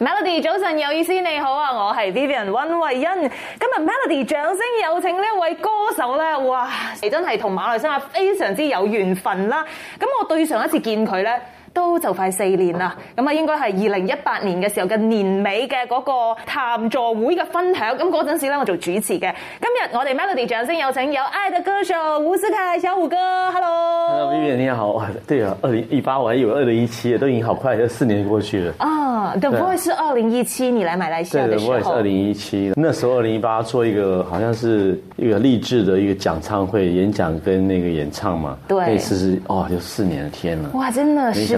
Melody，早晨，伍思凱，你好啊，我係 Vivian 溫慧欣。今日 Melody 掌聲有請呢位歌手咧，哇，你真係同馬來西亞非常之有緣分啦。咁我對上一次見佢咧。都就快四年啦，咁啊，應該係二零一八年嘅時候嘅年尾嘅嗰個談座會嘅分享，咁嗰陣時咧我做主持嘅。今日我哋 Melody 掌聲有請有愛的歌手伍思凱小伍哥，Hello。Bibi，你好，對啊，二零一八我還以為二零一七都已經好快，四年過去了。啊、oh，The Voice 是二零一七你嚟馬來西亞嘅時候，對嘅 The Voice 二零一七，那時候二零一八做一個好像是一個勵志嘅一個講唱會演講跟那個演唱嘛。對。那次是哦，就四年，天了哇，真的是。